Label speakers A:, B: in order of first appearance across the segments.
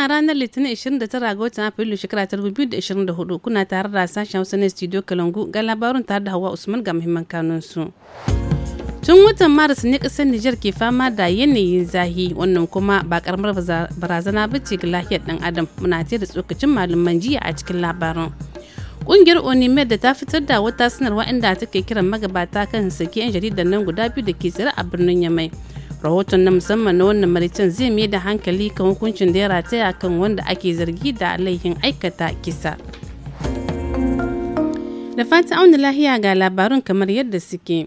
A: Ana ranar Litinin 29 ga watan Afrilu shekara ta 2024 kuna tare da sashen Hausa na Studio Kalangu ga labarun tare da Hawa Usman ga muhimman kanun su. Tun watan Maris ne kasar Nijar ke fama da yanayin zahi wannan kuma ba karamar barazana ba ce ga lafiyar dan adam muna ce da tsokacin malaman jiya a cikin labarin. Ƙungiyar Onimed da ta fitar da wata sanarwa inda take kiran magabata kan sake 'yan jaridar nan guda biyu da ke tsira a birnin Yamai. rahoton na musamman na wannan maricin zai mai da hankali kan hukuncin da ya rataya kan wanda ake zargi da laifin aikata kisa da fata auna lahiya ga labarun kamar yadda suke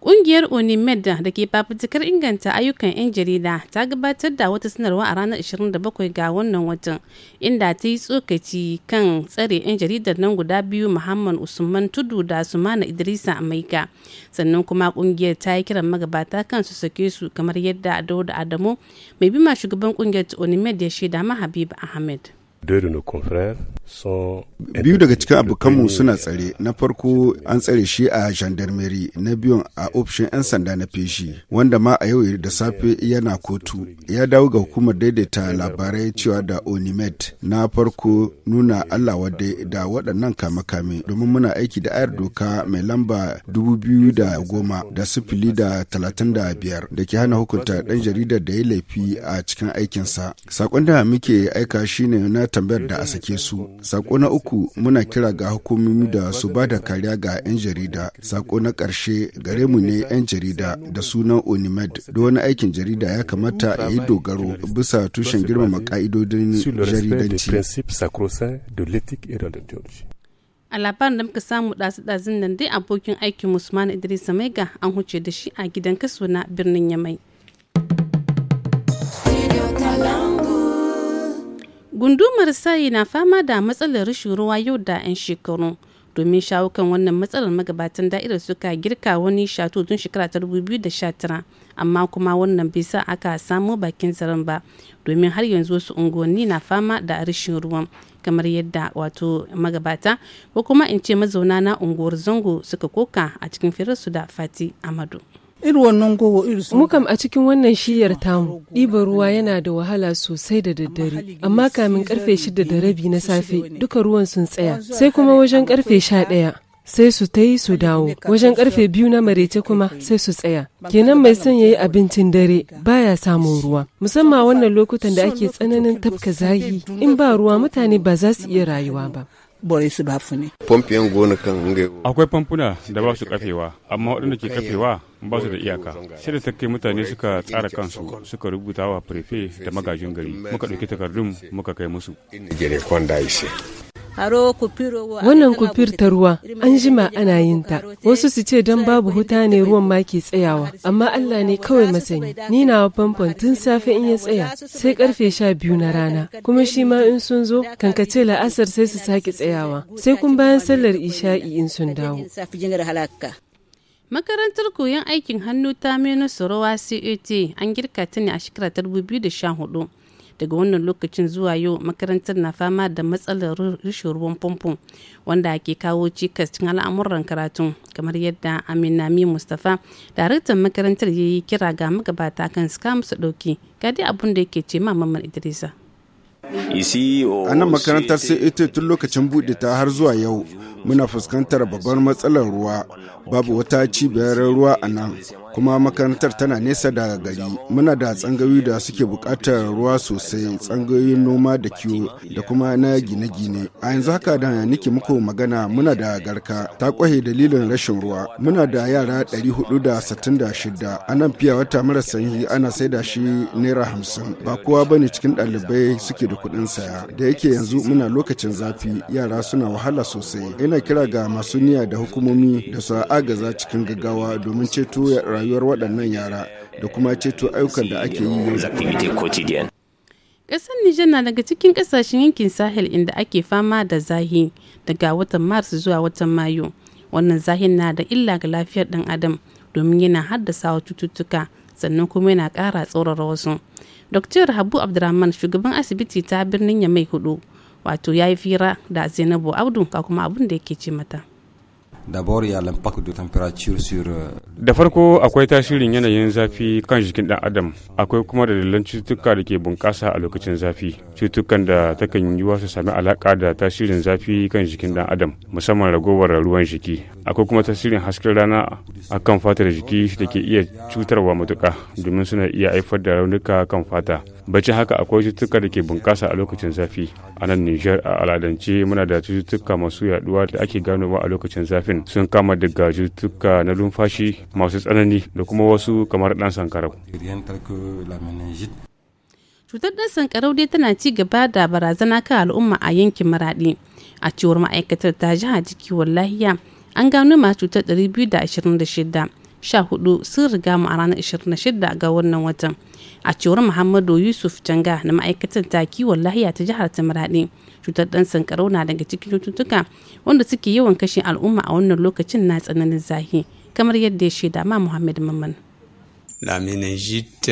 A: Ƙungiyar onimed da ke fafutukar inganta ayyukan 'yan jarida ta gabatar da wata sanarwa a ranar 27 ga wannan watan inda ta yi tsokaci kan tsare 'yan jaridar nan guda biyu Muhammad Usman Tudu da Sumana Idrisa Maika. Sannan kuma ƙungiyar ta yi kiran magabata kan su sake su kamar yadda da Adamu mai bima shugaban ƙungiyar Unimed ya shaida ma Habib Ahmed.
B: biyu daga cikin abokanmu suna
C: tsare na farko an tsare shi a gendarmerie na biyun a ofishin 'yan sanda na feshi wanda ma a yau da safe yana kotu ya dawo ga hukumar daidaita labarai cewa da onimet na farko nuna allah wadda da waɗannan kame-kame domin muna aiki da ayar doka mai lamba 2010 da sifili da 35 da ke hana hukunta ɗan jaridar da ya laifi a cikin aikinsa sakon da muke aika shine na tambayar da a sake su. Sako na uku muna kira ga hukumomi da su ba da kariya ga 'yan jarida. Sako na karshe gare mu ne 'yan jarida da sunan Onimed. Da wani aikin jarida ya kamata a yi dogaro bisa tushen girmama ƙa'idodin jaridanci.
A: a labarin da muka samu ɗazu-ɗazun nan dai abokin aikin musman idris ga an huce da shi a gidan kaso na birnin yamai Gundumar sayi na fama da matsalar rashin ruwa yau da 'yan shekaru. Domin shawo kan wannan matsalar magabatan da'irar suka girka wani shato tun shekara ta 2019 amma kuma wannan bai sa aka samu bakin zaren ba domin har yanzu wasu unguwanni na fama da rashin ruwan kamar yadda wato magabata ko kuma in ce mazauna na unguwar zango suka koka a cikin firarsu da fati amadu.
D: irin mukam a cikin wannan shiyar tamu ɗiban ruwa yana da wahala sosai da daddare amma kamin karfe shida da rabi na safe duka ruwan sun tsaya sai kuma wajen karfe sha ɗaya sai su ta su dawo wajen karfe biyu na marece kuma sai su tsaya kenan mai son ya yi abincin dare baya samun ruwa musamman wannan lokutan da ake tsananin tafka zahi in ba ruwa mutane ba za su iya rayuwa ba bore su b'a ne.
B: Pompiyan gona kan Akwai famfuna da ba su kafewa, amma waɗanda ke kafewa ba su da iyaka. Sai da ta mutane suka tsara kansu suka rubuta wa prefe da magajin gari. Muka ɗauki takardun muka kai musu.
D: Wannan kufir ta ruwa an jima ana yin ta. Wasu su ce don babu huta ne ruwan ma ke tsayawa, amma Allah ne kawai masani. Ni nawa famfon tun safe in ya tsaya sai karfe sha biyu na rana. Kuma shi ma in sun zo kankace la'asar sai su sake tsayawa. Sai kun bayan sallar isha'i in sun dawo.
A: Makarantar koyon aikin hannu ta Menu rawa CAT an girka ta ne a shekarar 2014. daga wannan lokacin zuwa yau makarantar na fama da matsalar rashin ruwan famfo wanda ke kawo cikas cikin al'amuran karatu kamar yadda amina aminami mustapha daraktan makarantar ya yi kira ga magabata kan su kamusa ɗauki gadi dai abin da yake ce mamman idrisa
B: E a nan makarantar sai
C: ita e e tun lokacin buɗe ta har zuwa yau muna fuskantar babbar matsalar ruwa babu wata cibiyar ruwa a nan kuma makarantar tana nesa daga gari muna da tsangayoyi da suke buƙatar ruwa sosai tsangayoyin noma da kiwo da kuma na gine-gine a yanzu haka da nike muku magana muna da garka ta kwahe dalilin rashin ruwa muna da yara 466 a nan fiya wata mara sanyi ana saida shi naira 50 ba kowa bane cikin ɗalibai suke da kuɗin saya da yake yanzu muna lokacin zafi yara suna wahala sosai ina kira ga masu niyya da hukumomi da su agaza cikin gaggawa domin ceto rayuwar waɗannan yara da kuma ceto ayyukan da ake yi
B: yau
A: Ƙasar Nijar na daga cikin ƙasashen yankin Sahel inda ake fama da zahi daga watan Mars zuwa watan Mayu. Wannan zahin na da illa ga lafiyar dan Adam domin yana haddasa cututtuka sannan kuma yana ƙara tsoron wasu. Dr. Habu Abdurrahman shugaban asibiti ta birnin Yamai hudu wato ya yi fira da Zainabu Audu ka kuma abin da yake ce mata.
C: Euh,
B: da farko akwai tasirin yanayin zafi kan jikin ɗan adam akwai kuma da dalilan cututtuka da ke bunƙasa a lokacin zafi cututtukan da takan yi su sami alaƙa da tasirin zafi kan jikin dan adam musamman ragowar ruwan jiki akwai kuma tasirin hasken rana akan fatar jiki da ke iya cutarwa matuƙa domin suna iya haifar da raunuka kan fata bace haka akwai cututtuka da ke bunƙasa a lokacin zafi a nan nijar a aladance muna da cututtuka masu yaduwa da ake ganowa a lokacin zafin sun kama daga cututtuka na lumfashi masu tsanani da kuma wasu kamar ɗan sankarau
A: cutar ɗan sankarau dai tana ci gaba da barazana kan al'umma a yankin maraɗi a cewar ma'aikatar ta jiha kiwon lahiya an gano ma cutar 226 sha hudu sun riga mu a ranar 26 ga wannan watan a cewar muhammadu yusuf janga na ma'aikatar ta kiwon lahiya ta jihar tamaraɗe cutar ɗan sankarau na daga cikin cututtuka wanda suke yawan kashe al'umma a wannan lokacin na tsananin zahi kamar yadda ya shaida ma muhammad mamman
B: La meningite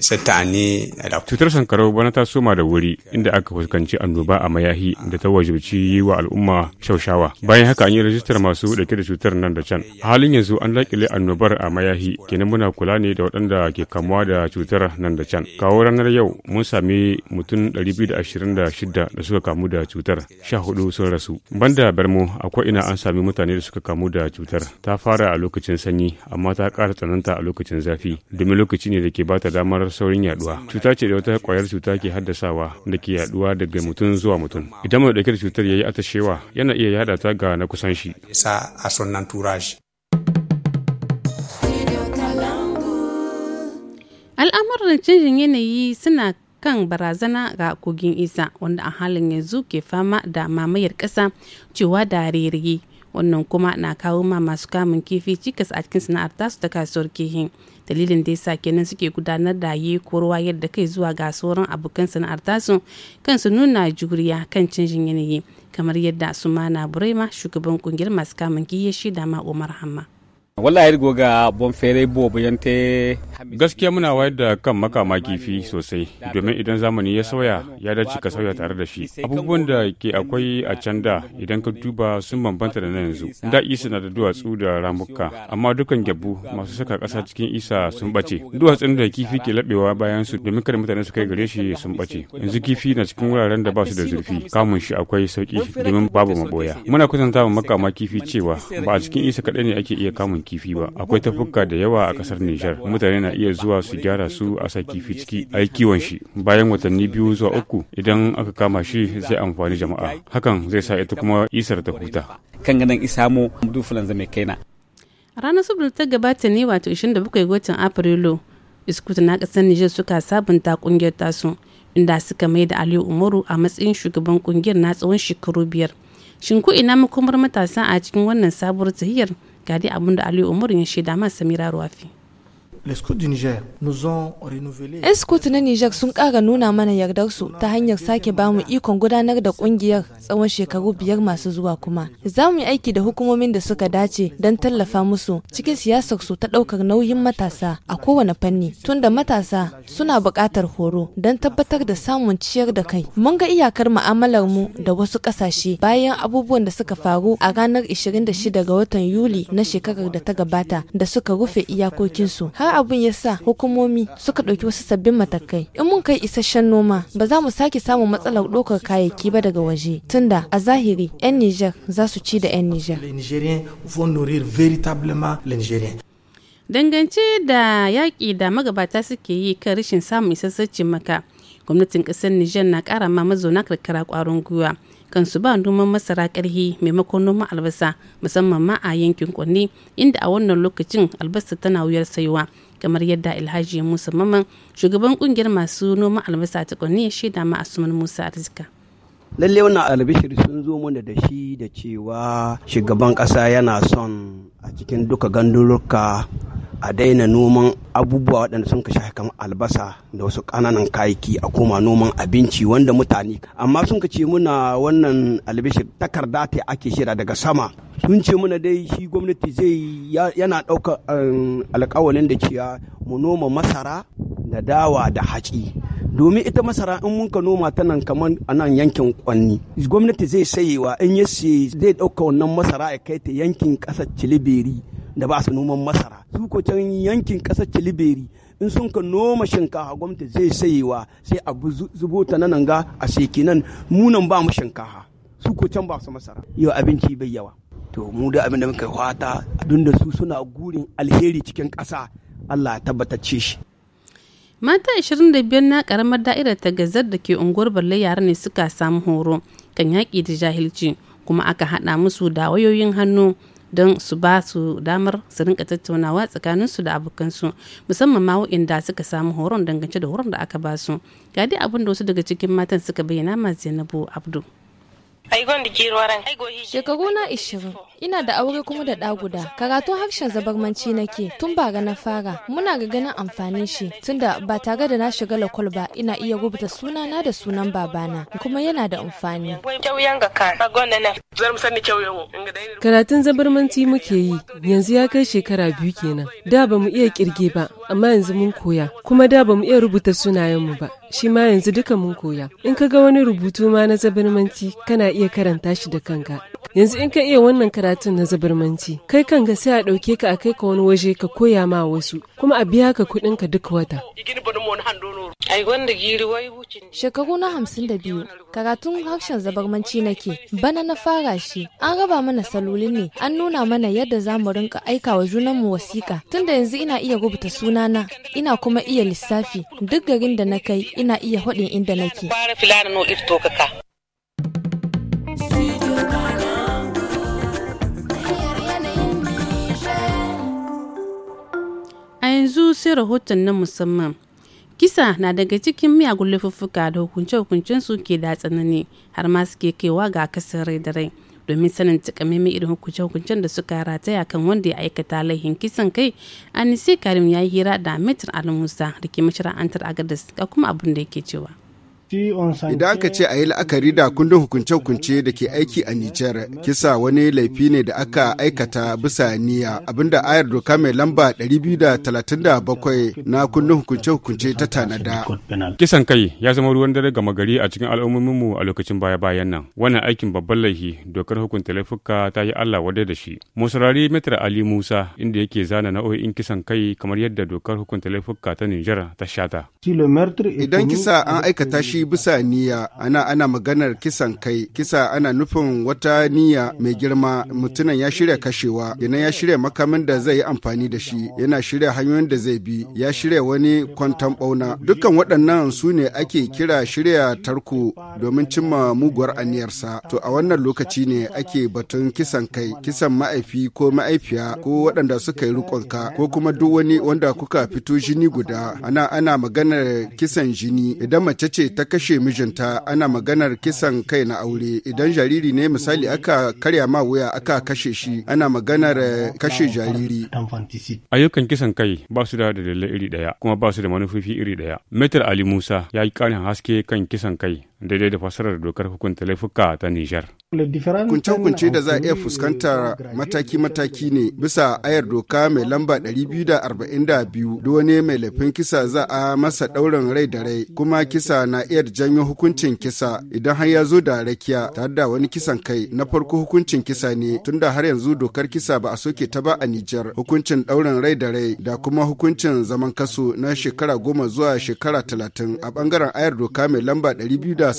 B: cette année Cutar sankarau bana ta soma da wuri inda aka fuskanci annoba a mayahi da ta wajibci yi wa al'umma shaushawa. Bayan haka an yi rajistar masu dauke da cutar nan da can. A halin yanzu an lakile annobar a mayahi kenan muna kula ne da waɗanda ke kamuwa da cutar nan da can. Kawo ranar yau mun sami mutum 226 da suka kamu da cutar, 14 sun rasu. Banda Bermo akwai ina an sami mutane da suka kamu da cutar. Ta fara a lokacin sanyi amma ta ƙara tsananta a lokacin zafi. domin lokaci ne da ke bata damar saurin yaduwa cuta ce da wata kwayar cuta ke haddasawa da ke yaduwa daga mutum zuwa mutum idan mai dauke da cutar yayi atashewa yana iya yada ta ga na kusan shi sa a turaji
A: al'amuran canjin yanayi suna kan barazana ga kogin isa wanda a halin yanzu ke fama da mamayar ƙasa cewa da rerege wannan kuma na kawo ma masu kamun kifi cikas a cikin sana'ar tasu ta kasuwar kihin dalilin da sa kenan suke gudanar da yi korowa yadda kai zuwa ga sauran abokan sana'ar tasu su nuna juriya kan canjin yanayi kamar yadda su na burema shugaban kungiyar masu kamun kifi shida ma umar hamma
B: wallahi goga bon fere bo boyante Gaskiya muna wayar da kan makama kifi sosai domin idan zamani ya sauya ya dace ka sauya tare da shi. Abubuwan da ke akwai a can da idan ka duba sun bambanta da na yanzu. Da isa na da duwatsu da ramuka amma dukan gyabu masu saka kasa cikin isa sun bace. Duwatsun da kifi ke labewa bayan su domin kada mutane su kai gare shi sun bace. Yanzu kifi na cikin wuraren da ba su da zurfi kamun shi akwai sauki domin babu maboya. Muna kusanta makama kifi cewa ba a cikin isa kadai ne ake iya kamun kifi ba. Akwai tafuka da yawa a kasar Nijar mutane na iya zuwa su gyara su a saki kifi ciki a yi kiwon shi bayan watanni biyu zuwa uku idan aka kama shi zai amfani jama'a hakan zai sa ita kuma isar ta huta kan ganin isamo dufulan zame kaina
A: a ranar subul ta gabata ne wato 27 bakwai watan afrilu iskuta na kasar niger suka sabunta kungiyar tasu inda suka mai da aliyu umaru a matsayin shugaban kungiyar na tsawon shekaru biyar shin ko ina makomar matasa a cikin wannan sabuwar tahiyar gadi abin da aliyu umaru ya shaida ma samira ruwafi
E: 'Yan Scout na Nijar sun ƙara nuna mana yardar su ta hanyar sake bamu ikon gudanar da kungiyar tsawon shekaru biyar masu zuwa kuma. Za mu yi aiki da hukumomin da suka dace don tallafa musu cikin siyasarsu ta daukar nauyin matasa a kowane fanni. Tunda matasa suna buƙatar horo don tabbatar da samun ciyar da kai. Mun ga iyakar mu'amalar mu da wasu ƙasashe bayan abubuwan da suka faru a ranar 26 ga watan Yuli na shekarar da ta gabata da suka rufe iyakokinsu. Har abin ya sa hukumomi suka ɗauki wasu sabbin matakai in mun kai isasshen noma ba za mu sake samun matsalar ɗaukar kayayyaki ba daga waje tunda a zahiri 'yan niger za su ci da 'yan niger
A: dangance da yaƙi da magabata suke yi kan rashin samun isassacin maka gwamnatin ƙasar niger na ƙara ma mazauna karkara ƙwarin gwiwa kansu ba noman masara ƙarhi maimakon noman albasa musamman ma a yankin kwanne inda a wannan lokacin albasa tana wuyar saiwa kamar yadda Alhaji Musa Maman shugaban kungiyar masu noman albasa ta kwanne ya shaida ma Asuman Musa Arzika.
F: lalle wannan albishir sun zo mana da shi da cewa shugaban ƙasa yana son a cikin duka gandunruka a daina noman abubuwa waɗanda sun kashe kamar albasa da wasu ƙananan kayaki a koma noman abinci wanda mutane amma sun ce muna wannan albishir takarda ta ake shira daga sama sun ce muna dai shi gwamnati zai yana ɗaukar um, alƙawalin da cewa mu noma masara da dawa da haƙi domin ita masara in mun ka noma ta nan kamar a nan yankin kwanni gwamnati zai sayewa in ya saye zai ɗauka wannan masara ya kai ta yankin ƙasar ciliberi da ba su noman masara su ko can yankin ƙasar ciliberi in sun ka noma shinkafa gwamnati zai sayewa sai a zubo ta nan ga a sheki nan munan ba mu shinkafa su ko can ba su masara yau abinci bai yawa to mu da abin da muka fata dun da su suna gurin alheri cikin ƙasa Allah ya tabbatar ce shi
A: mata 25 na karamar da'irar ta gazar da ke unguwar balle yara ne suka samu horo kan yaƙi da jahilci kuma aka haɗa musu da wayoyin hannu don su ba su damar su rinka tattaunawa tsakaninsu da abokansu musamman ma waɗanda suka samu horon dangance da horon da aka ba su ga dai abin da wasu daga cikin matan suka bayyana ma zainabu abdu
E: Shekaru na ishirin. Ina da aure kuma da ɗa guda. Karatun harshen zabarmanci nake tun bara na fara. Muna ga ganin amfanin shi tunda ba tare da na shiga lakol ba ina iya rubuta sunana da sunan babana kuma yana da
D: amfani. Karatun zabarmanti muke yi yanzu ya kai shekara biyu kenan. Da ba mu iya kirge ba, amma yanzu mun koya. Kuma da ba mu iya rubuta sunayenmu ba, shi ma yanzu duka mun koya. In ka ga wani rubutu ma na zabarmanti kana iya karanta shi da kanka. Yanzu in ka iya wannan karatun na zabarmanci, kai kanka sai a ɗauke ka a kai ka wani waje ka koya ma wasu, kuma a biya ka kuɗin ka duk wata.
E: Shekaru na hamsin da biyu, karatun harshen zabarmanci nake, bana na fara an raba mana salolin ne an nuna mana yadda za mu rinka aika wa junanmu wasika tunda yanzu ina iya rubuta sunana ina kuma iya lissafi duk garin da na kai ina iya haɗin inda nake.
A: A yanzu sai rahoton na musamman. kisa na daga cikin miyagun laifuffuka da hukunce-hukuncensu ke da tsanani har ma suke kaiwa ga kasar rai da rai domin sanin takamaiman irin hukunce-hukuncen da suka rataya kan wanda ya aikata laihin kisan kai anise karim ya yi hira da metin al musa da ke mashara'antar agadis ga kuma abin da yake cewa Idan
C: aka ce a yi la'akari da kundin hukunce-hukunce da ke aiki a Nijar, kisa wani laifi ne da aka aikata bisa niyya abinda ayar doka mai lamba 237 na kundin
B: hukunce-hukunce
C: ta tanada.
B: Kisan kai ya zama ruwan dare gama gari a cikin al'ummominmu a lokacin baya-bayan nan. Wannan aikin babban laifi dokar hukunta laifuka ta yi Allah wadai da shi. Musarari Metra Ali Musa inda yake zana nau'o'in kisan kai kamar yadda dokar hukunta laifuka ta Nijar ta shata.
C: Idan kisa an aikata shi shi bisa niyya ana ana maganar kisan kai kisa ana nufin wata niyya mai girma mutumin ya shirya kashewa yana ya shirya makamin da zai yi amfani da shi yana shirya hanyoyin da zai bi ya shirya wani kwantan bauna dukkan waɗannan su ne ake kira shirya tarko domin cimma muguwar aniyarsa to a wannan lokaci ne ake batun kisan kai kisan ma'aifi ko ma'aifiya ko waɗanda suka yi riƙonka ko kuma duk wani wanda kuka fito jini guda ana ana maganar kisan jini idan mace ce ta kashe mijinta ana maganar kisan kai na aure idan jariri ne misali aka karya ma wuya aka kashe shi ana maganar eh, kashe jariri
B: ayyukan kisan kai ba su da dalilai iri daya kuma ba su da manufofi iri daya metar ali musa ya yi karin haske kan kisan kai daidai da fasarar dokar hukunta laifuka ta Nijar.
C: Kunce-kunce da za a iya fuskantar mataki-mataki ne bisa ayar doka mai lamba 242 da wani mai laifin kisa za a masa ɗaurin rai da rai kuma kisa na iya janyo hukuncin kisa idan har ya zo da rakiya tare da wani kisan kai na farko hukuncin kisa ne tunda har yanzu dokar kisa ba a soke ta ba a Nijar hukuncin ɗaurin rai da rai da kuma hukuncin zaman kaso na shekara goma zuwa shekara talatin a bangaren ayar doka mai lamba 200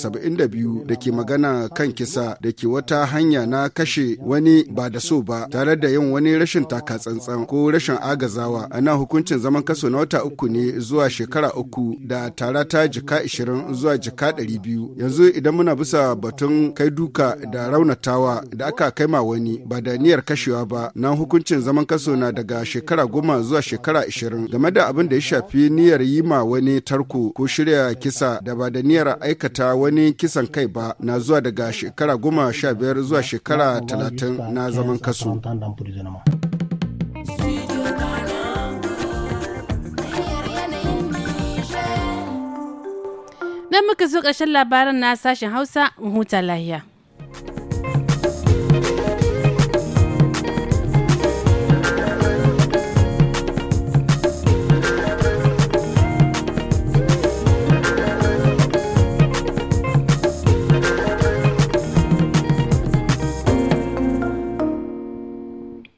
C: da ke magana kan kisa da ke wata hanya na kashe wani ba da so ba tare da yin wani rashin taka tsantsan ko rashin agazawa ana hukuncin zaman kaso na wata uku ne zuwa shekara uku da tara ta jika ishirin zuwa jika ɗari biyu, yanzu idan muna bisa batun kai duka da raunatawa da aka kaima wani ba da niyyar kashewa ba na hukuncin zaman kaso na daga shekara goma zuwa shekara ishirin, game da abin da ya shafi niyyar yi ma wani tarko ko shirya kisa da ba da niyyar aikata wani kisan kai ba na zuwa daga shekara goma sha biyar zuwa shekara talatin na zaman kasu.
A: Don muka zo ƙarshen labaran na sashen Hausa, huta lahiya.